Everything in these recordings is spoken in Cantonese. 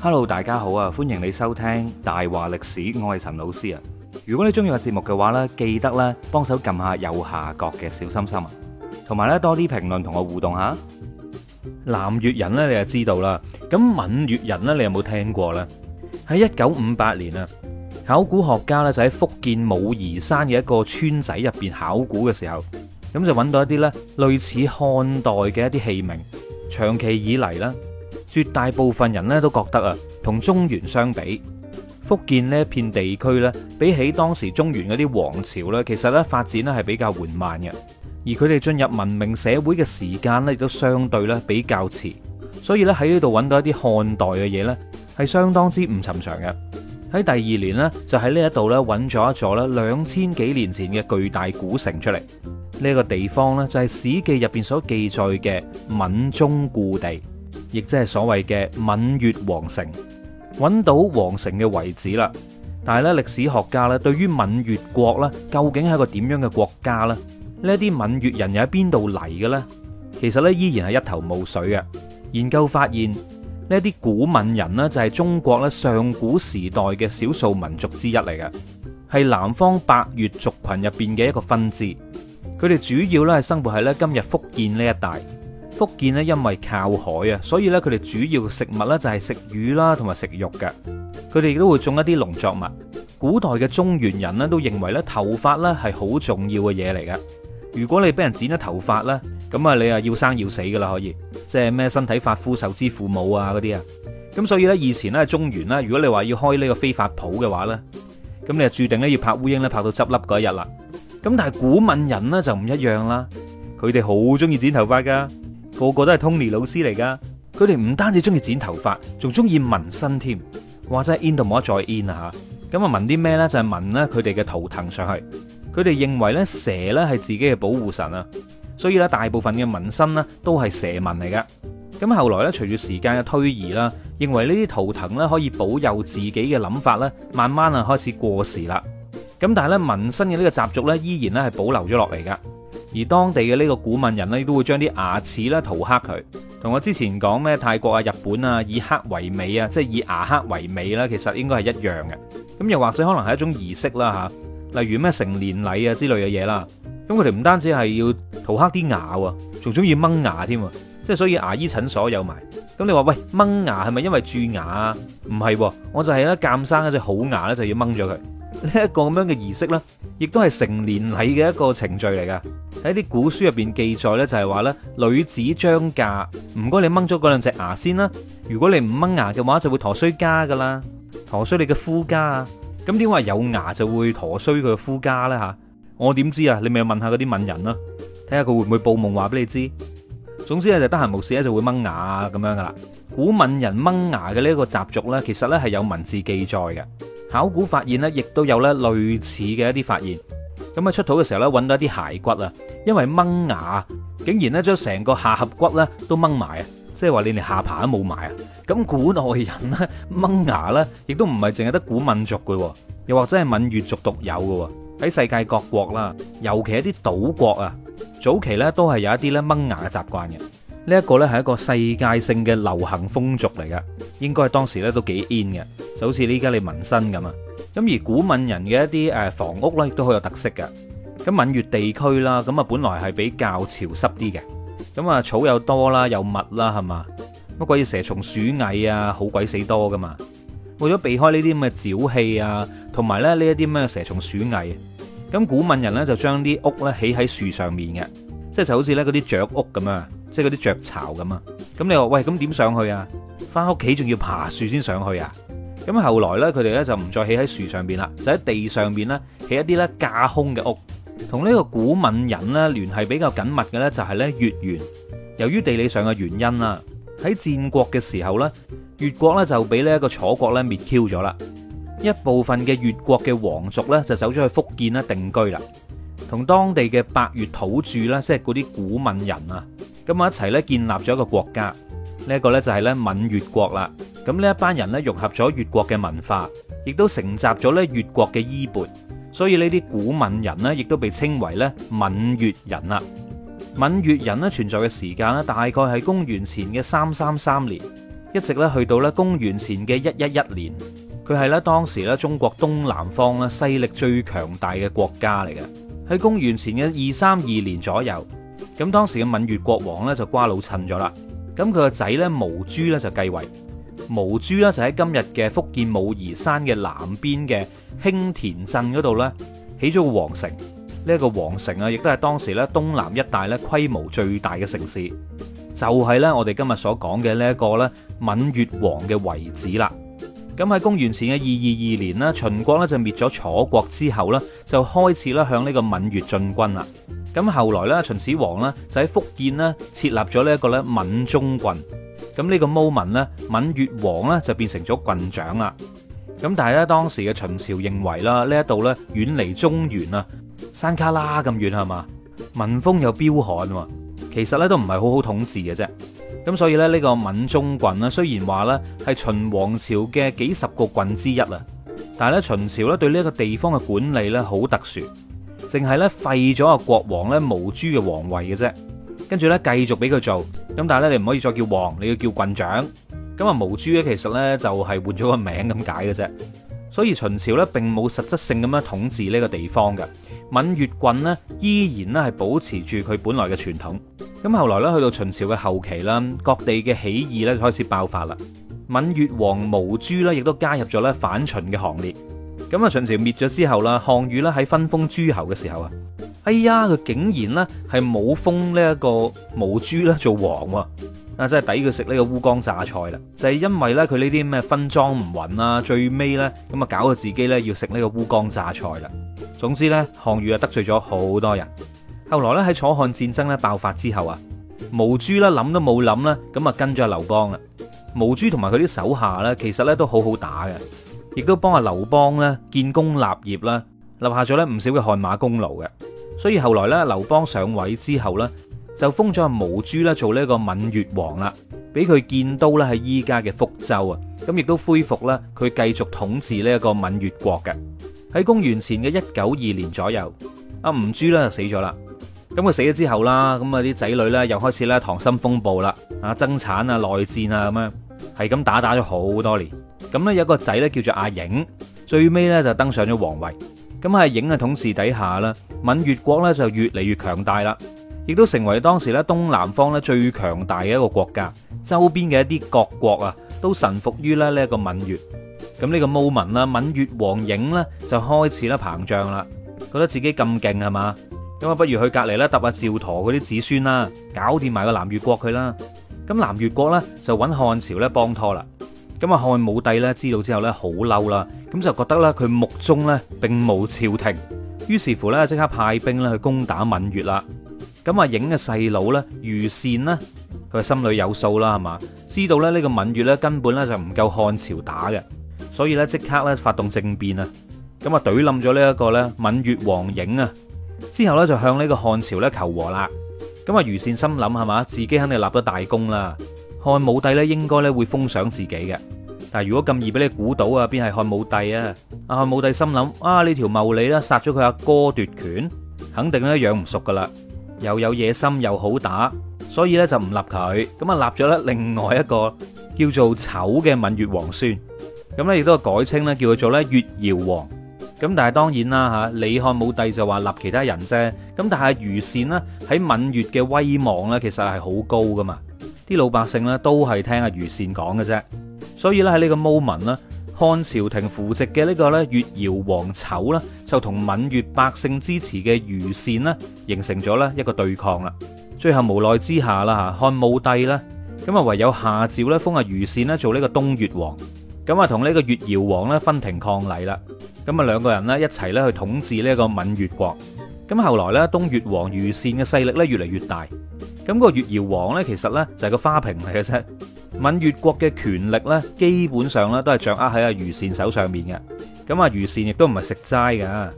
Hello，大家好啊，歡迎你收聽大話歷史，我係陳老師啊。如果你中意個節目嘅話呢，記得咧幫手撳下右下角嘅小心心啊，同埋呢多啲評論同我互動下。南越人呢，你就知道啦。咁閩越人呢，你有冇聽過呢？喺一九五八年啊，考古學家咧就喺福建武夷山嘅一個村仔入邊考古嘅時候，咁就揾到一啲呢類似漢代嘅一啲器皿，長期以嚟呢，絕大部分人咧都覺得啊，同中原相比，福建呢一片地區咧，比起當時中原嗰啲王朝咧，其實咧發展咧係比較緩慢嘅，而佢哋進入文明社會嘅時間咧，亦都相對咧比較遲。所以咧喺呢度揾到一啲漢代嘅嘢咧，係相當之唔尋常嘅。喺第二年呢，就喺呢一度咧揾咗一座咧兩千幾年前嘅巨大古城出嚟。呢個地方呢，就係《史記》入邊所記載嘅閩中故地。亦即係所謂嘅閩越王城，揾到王城嘅遺址啦。但係咧，歷史學家咧對於閩越國咧，究竟係一個點樣嘅國家咧？呢啲閩越人又喺邊度嚟嘅咧？其實咧依然係一頭霧水嘅。研究發現，呢啲古閩人呢，就係中國咧上古時代嘅少數民族之一嚟嘅，係南方百越族群入邊嘅一個分支。佢哋主要咧係生活喺咧今日福建呢一帶。福建咧，因為靠海啊，所以咧佢哋主要嘅食物咧就係食魚啦，同埋食肉噶。佢哋亦都會種一啲農作物。古代嘅中原人咧都認為咧頭髮咧係好重要嘅嘢嚟嘅。如果你俾人剪咗頭髮咧，咁啊你啊要生要死噶啦，可以即係咩身體髮膚受之父母啊嗰啲啊。咁所以咧以前咧中原咧，如果你話要開呢個飛髮舖嘅話咧，咁你就注定咧要拍烏蠅咧，拍到執笠嗰一日啦。咁但係古閩人呢，就唔一樣啦，佢哋好中意剪頭髮噶。個個都係 Tony 老師嚟噶，佢哋唔單止中意剪頭髮，仲中意紋身添，或者係 in 到冇得再 in 啊吓！咁啊紋啲咩呢？就係紋咧佢哋嘅圖騰上去，佢哋認為蛇咧係自己嘅保護神啊，所以咧大部分嘅紋身都係蛇紋嚟噶。咁後來咧隨住時間嘅推移啦，認為呢啲圖騰可以保佑自己嘅諗法慢慢啊開始過時啦。咁但係咧紋身嘅呢個習俗依然咧係保留咗落嚟噶。而當地嘅呢個古閩人呢，都會將啲牙齒咧塗黑佢。同我之前講咩泰國啊、日本啊，以黑為美啊，即係以牙黑為美啦，其實應該係一樣嘅。咁又或者可能係一種儀式啦嚇，例如咩成年禮啊之類嘅嘢啦。咁佢哋唔單止係要塗黑啲牙喎，仲中意掹牙添，即係所以牙醫診所有埋。咁你話喂掹牙係咪因為蛀牙啊？唔係，我就係咧鑑生一隻好牙咧就要掹咗佢。呢、這、一個咁樣嘅儀式咧，亦都係成年禮嘅一個程序嚟噶。喺啲古書入邊記載咧，就係話咧女子將嫁，唔該你掹咗嗰兩隻牙先啦。如果你唔掹牙嘅話，就會陀衰家噶啦，陀衰你嘅夫家啊。咁點解有牙就會陀衰佢嘅夫家咧吓？我點知啊？你咪問下嗰啲閩人啦，睇下佢會唔會報夢話俾你知。總之咧就得閒無事咧就會掹牙啊咁樣噶啦。古閩人掹牙嘅呢一個習俗咧，其實咧係有文字記載嘅。考古發現咧，亦都有咧類似嘅一啲發現。咁啊出土嘅時候咧，揾到一啲骸骨啊，因為掹牙竟然咧將成個下頜骨咧都掹埋啊，即係話你連下巴都冇埋啊。咁古代人咧掹牙咧，亦都唔係淨係得古閩族嘅，又或者係閩越族獨有嘅喎。喺世界各國啦，尤其係一啲島國啊，早期咧都係有一啲咧掹牙嘅習慣嘅。呢一個咧係一個世界性嘅流行風俗嚟嘅，應該係當時咧都幾 in 嘅。就好似呢家你紋身咁啊，咁而古閩人嘅一啲誒房屋咧，亦都好有特色嘅。咁閩越地區啦，咁啊，本來係比較潮濕啲嘅，咁啊草又多啦，又密啦，係嘛，乜鬼蛇蟲鼠蟻啊，好鬼死多噶嘛。為咗避開呢啲咁嘅沼氣啊，同埋咧呢一啲咩蛇蟲鼠蟻，咁、啊、古閩人咧就將啲屋咧起喺樹上面嘅，即係就好似咧嗰啲雀屋咁啊，即係嗰啲雀巢咁啊。咁你話喂，咁點上去啊？返屋企仲要爬樹先上去啊？咁後來咧，佢哋咧就唔再起喺樹上邊啦，就喺地上邊咧起一啲咧架空嘅屋。同呢個古閩人咧聯繫比較緊密嘅咧就係咧越元。由於地理上嘅原因啦，喺戰國嘅時候咧，越國咧就俾呢一個楚國咧滅 Q 咗啦。一部分嘅越國嘅皇族咧就走咗去福建啦定居啦，同當地嘅百越土著啦，即係嗰啲古閩人啊，咁啊一齊咧建立咗一個國家。呢、這、一個咧就係咧閩越國啦。咁呢一班人呢，融合咗越國嘅文化，亦都承襲咗咧越國嘅衣缽，所以呢啲古閩人呢，亦都被稱為咧閩越人啦。閩越人呢存在，嘅時間呢，大概係公元前嘅三三三年，一直咧去到咧公元前嘅一一一年。佢係咧當時咧中國東南方咧勢力最強大嘅國家嚟嘅。喺公元前嘅二三二年左右，咁當時嘅閩越國王呢，就瓜老襯咗啦，咁佢個仔咧無諸咧就繼位。無諸啦就喺今日嘅福建武夷山嘅南邊嘅興田鎮嗰度起咗個皇城。呢個皇城啊，亦都係當時咧東南一帶咧規模最大嘅城市，就係咧我哋今日所講嘅呢一個咧閩越王嘅遺址啦。咁喺公元前嘅二二二年啦，秦國咧就滅咗楚國之後咧，就開始咧向呢個閩越進軍啦。咁後來咧，秦始皇咧就喺福建咧設立咗呢一個咧閩中郡。咁、這、呢個毛民呢，文越王呢，就變成咗郡長啦。咁但係咧，當時嘅秦朝認為啦，呢一度呢，遠離中原啊，山卡拉咁遠係嘛，民風又彪悍喎。其實呢都唔係好好統治嘅啫。咁所以咧，呢個閩中郡呢，雖然話呢，係秦王朝嘅幾十個郡之一啊，但係咧秦朝咧對呢個地方嘅管理咧好特殊，淨係咧廢咗個國王咧無諸嘅皇位嘅啫，跟住咧繼續俾佢做。咁但係咧，你唔可以再叫王，你要叫郡長。咁啊，無諸咧，其實咧就係換咗個名咁解嘅啫。所以秦朝咧並冇實質性咁樣統治呢個地方嘅，閩越郡呢，依然咧係保持住佢本來嘅傳統。咁後來咧去到秦朝嘅後期啦，各地嘅起義咧開始爆發啦，閩越王無諸咧亦都加入咗咧反秦嘅行列。咁啊，秦朝滅咗之後啦，項羽咧喺分封諸侯嘅時候啊。哎呀，佢竟然咧係冇封呢一個無諸咧做王啊！真係抵佢食呢個烏江榨菜啦，就係因為咧佢呢啲咩分贓唔匀啦，最尾咧咁啊搞到自己咧要食呢個烏江榨菜啦。總之咧，項羽啊得罪咗好多人。後來咧喺楚漢戰爭咧爆發之後啊，無諸啦諗都冇諗啦，咁啊跟住阿劉邦啦。無諸同埋佢啲手下咧，其實咧都好好打嘅，亦都幫阿劉邦咧建功立業啦，立下咗咧唔少嘅汗馬功勞嘅。所以後來咧，劉邦上位之後咧，就封咗阿無諸咧做呢一個閩越王啦，俾佢建都咧喺依家嘅福州啊，咁亦都恢復咧佢繼續統治呢一個閩越國嘅。喺公元前嘅一九二年左右，阿無諸咧就死咗啦。咁佢死咗之後啦，咁啊啲仔女咧又開始咧溏心風暴啦，啊爭產啊內戰啊咁樣，係咁打打咗好多年。咁咧有個仔咧叫做阿郢，最尾咧就登上咗皇位。咁喺影嘅統治底下啦，閩越國咧就越嚟越強大啦，亦都成為當時咧東南方咧最強大嘅一個國家，周邊嘅一啲國國啊都臣服於咧呢一個閩越。咁呢個 moment，敏閩越王影咧就開始咧膨脹啦，覺得自己咁勁係嘛，咁啊不如去隔離咧揼下趙佗嗰啲子孫啦，搞掂埋個南越國佢啦。咁南越國咧就揾漢朝咧幫拖啦。咁啊，漢武帝咧知道之後咧，好嬲啦，咁就覺得咧佢目中咧並冇朝廷，於是乎咧即刻派兵咧去攻打閩越啦。咁啊，影嘅細佬咧，餘善咧，佢係心裏有數啦，係嘛？知道咧呢個閩越咧根本咧就唔夠漢朝打嘅，所以咧即刻咧發動政變啊！咁啊，懟冧咗呢一個咧閩越王影啊，之後咧就向呢個漢朝咧求和啦。咁啊，餘善心諗係嘛，自己肯定立咗大功啦。漢武帝咧，應該咧會封賞自己嘅。但係如果咁易俾你估到啊，邊係漢武帝啊？阿漢武帝心諗啊，呢條茂利啦，殺咗佢阿哥奪權，肯定咧養唔熟噶啦，又有野心又好打，所以咧就唔立佢，咁啊立咗咧另外一個叫做丑嘅閩越王孫。咁咧亦都改稱咧叫佢做咧越堯王。咁但係當然啦吓，李漢武帝就話立其他人啫。咁但係餘善咧喺閩越嘅威望咧，其實係好高噶嘛。啲老百姓咧都係聽阿餘善講嘅啫，所以咧喺呢個 moment 漢朝廷扶植嘅呢個咧越堯王丑呢就同閩越百姓支持嘅餘善形成咗一個對抗啦。最後無奈之下啦，漢武帝呢咁啊唯有下詔咧封阿餘善做呢個東越王，咁啊同呢個越堯王咧分庭抗禮啦，咁啊兩個人一齊咧去統治呢個閩越國。咁後來咧東越王餘善嘅勢力咧越嚟越大。咁嗰個越繇王呢，其實呢就係個花瓶嚟嘅啫。閩越國嘅權力呢，基本上呢都係掌握喺阿餘善手上面嘅。咁阿餘善亦都唔係食齋㗎。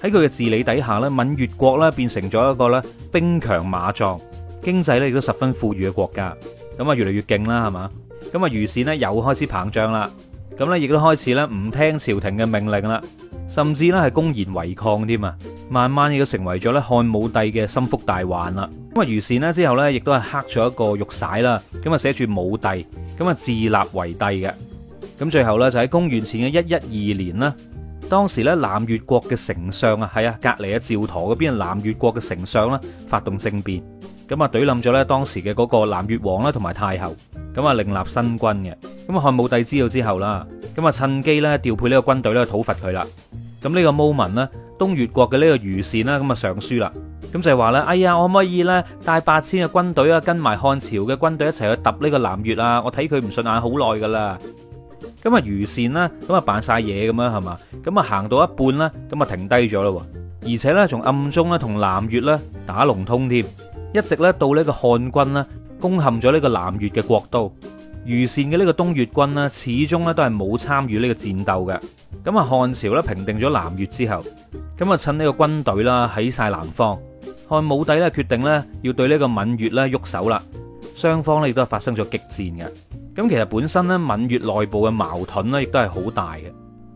喺佢嘅治理底下呢，閩越國呢變成咗一個呢兵強馬壯、經濟呢亦都十分富裕嘅國家。咁啊越嚟越勁啦，係嘛？咁啊餘善呢又開始膨脹啦。咁咧，亦都開始咧唔聽朝廷嘅命令啦，甚至咧係公然違抗添啊！慢慢亦都成為咗咧漢武帝嘅心腹大患啦。咁啊，餘善呢之後咧，亦都係刻咗一個玉璽啦，咁啊寫住武帝，咁啊自立為帝嘅。咁最後咧就喺公元前嘅一一二年啦。當時咧南越國嘅丞相啊，係啊隔離啊趙佗嗰邊啊南越國嘅丞相啦，發動政變，咁啊懟冧咗咧當時嘅嗰個南越王啦同埋太后。咁啊，另立新軍嘅，咁啊，漢武帝知道之後啦，咁啊，趁機咧調配呢個軍隊咧討伐佢啦。咁呢個僕民咧，東越國嘅呢個餘善啦，咁啊上書啦，咁就係話咧，哎呀，我可唔可以咧帶八千嘅軍隊啊，跟埋漢朝嘅軍隊一齊去揼呢個南越啊？我睇佢唔順眼好耐㗎啦。咁啊，餘善啦，咁啊扮曬嘢咁樣，係嘛？咁啊行到一半啦，咁啊停低咗咯，而且咧仲暗中咧同南越咧打龍通添，一直咧到呢個漢軍咧。攻陷咗呢個南越嘅國都，餘善嘅呢個東越軍呢始終咧都係冇參與呢個戰鬥嘅。咁啊，漢朝咧平定咗南越之後，咁啊趁呢個軍隊啦喺晒南方，漢武帝咧決定呢要對呢個閩越咧喐手啦。雙方咧亦都發生咗激戰嘅。咁其實本身呢，閩越內部嘅矛盾呢亦都係好大嘅。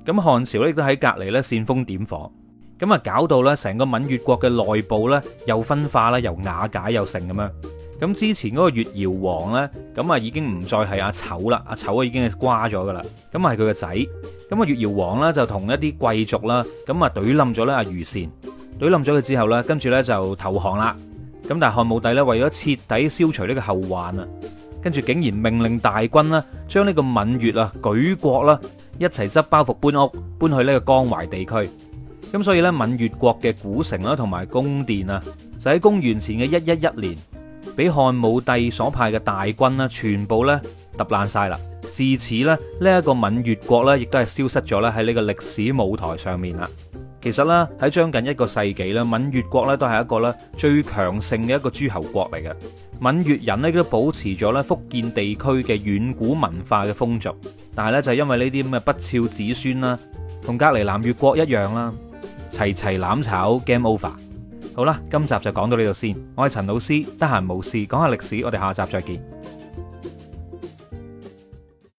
咁漢朝呢亦都喺隔籬呢煽風點火，咁啊搞到呢成個閩越國嘅內部呢又分化啦，又瓦解又成咁樣。咁之前嗰個越堯王呢，咁啊已經唔再係阿丑啦，阿丑啊已經係瓜咗噶啦。咁啊係佢個仔，咁啊越堯王呢就同一啲貴族啦，咁啊懟冧咗咧阿餘善，懟冧咗佢之後呢，跟住呢就投降啦。咁但係漢武帝呢為咗徹底消除呢個後患啊，跟住竟然命令大軍啦，將呢個閩越啊舉國啦一齊執包袱搬屋搬去呢個江淮地區。咁所以呢閩越國嘅古城啦同埋宮殿啊，就喺公元前嘅一一一年。俾漢武帝所派嘅大軍啦，全部咧揼爛晒啦！自此咧，呢一個閩越國咧，亦都係消失咗咧喺呢個歷史舞台上面啦。其實咧，喺將近一個世紀啦，閩越國咧都係一個咧最強盛嘅一個諸侯國嚟嘅。閩越人呢都保持咗咧福建地區嘅遠古文化嘅風俗，但係咧就係因為呢啲咁嘅不肖子孫啦，同隔離南越國一樣啦，齊齊攬炒 game over。好啦，今集就講到呢度先。我係陳老師，得閒無事講下歷史，我哋下集再見。